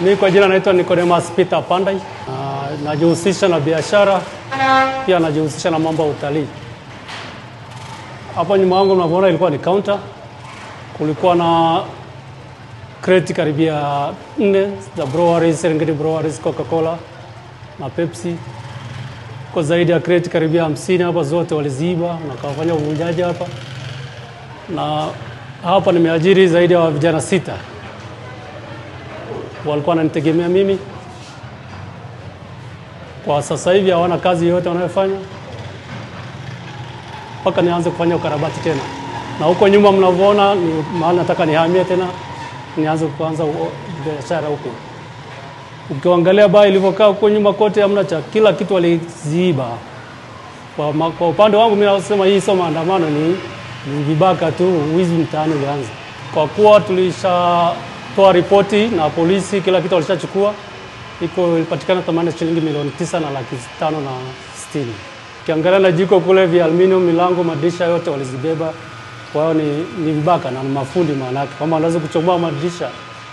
Mi kwa jina naitwa Nicodemus Peter Pandai. Uh, najihusisha na biashara pia najihusisha na mambo ya utalii. Hapo nyuma yangu mnavyoona ilikuwa ni counter, kulikuwa na kreti karibia nne za breweries, Serengeti Breweries, Coca-Cola na Pepsi kwa zaidi ya kreti karibia hamsini hapa, zote waliziiba na kawafanya uvunjaji hapa, na hapa nimeajiri zaidi ya vijana sita walikuwa wananitegemea mimi, kwa sasa hivi hawana kazi yoyote wanayofanya mpaka nianze kufanya ukarabati tena, na huko nyuma mnavyoona ni mahali nataka nihamie tena nianze kuanza biashara huko. Ukiangalia baa ilivyokaa huko nyuma kote hamna cha, kila kitu waliziiba. Kwa, kwa upande wangu mimi nasema hii sio maandamano, ni, ni vibaka tu, wizi mtaani ulianza kwa kuwa tulisha Tulitoa ripoti na polisi, kila kitu walishachukua, iko ilipatikana thamani ya shilingi milioni tisa na laki tano na sitini. Ukiangalia na jiko kule vya aluminium, milango, madirisha yote walizibeba. Kwa hiyo ni, ni mbaka na mafundi, maana yake kama wanaweza kuchomoa madirisha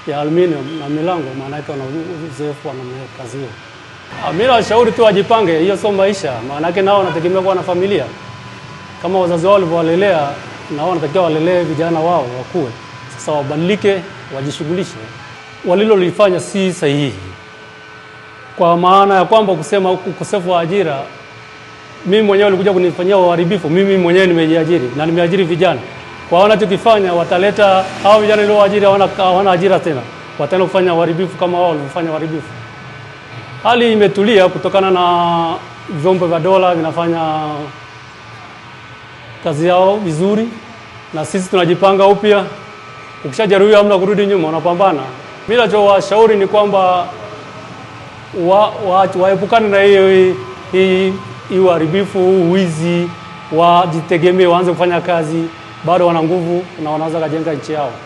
ya aluminium na milango, maana yake wana uzoefu, na kazi hiyo. Ah, mimi nawashauri tu wajipange, hiyo sio maisha, maana yake nao wanategemea kuwa na familia kama wazazi wao walivyowalelea, na wao wanatakiwa walelee vijana wao wakuwe sasa wabadilike, wajishughulishe. Walilolifanya si sahihi, kwa maana ya kwamba kusema ukosefu wa ajira, mimi mwenyewe walikuja kunifanyia uharibifu. Mimi mwenyewe nimejiajiri na nimeajiri vijana, kwa wanachokifanya wataleta hao vijana niliowaajiri hawana hawana ajira tena, wataenda kufanya uharibifu kama wao walivyofanya uharibifu. Hali imetulia kutokana na vyombo vya dola vinafanya kazi yao vizuri, na sisi tunajipanga upya. Ukishajeruhiwa hamna kurudi nyuma, unapambana. Mimi nachowashauri ni kwamba waepukane wa, wa na hiyo hii uharibifu, wizi, wajitegemee, waanze kufanya kazi, bado wana nguvu na wanaweza kajenga nchi yao.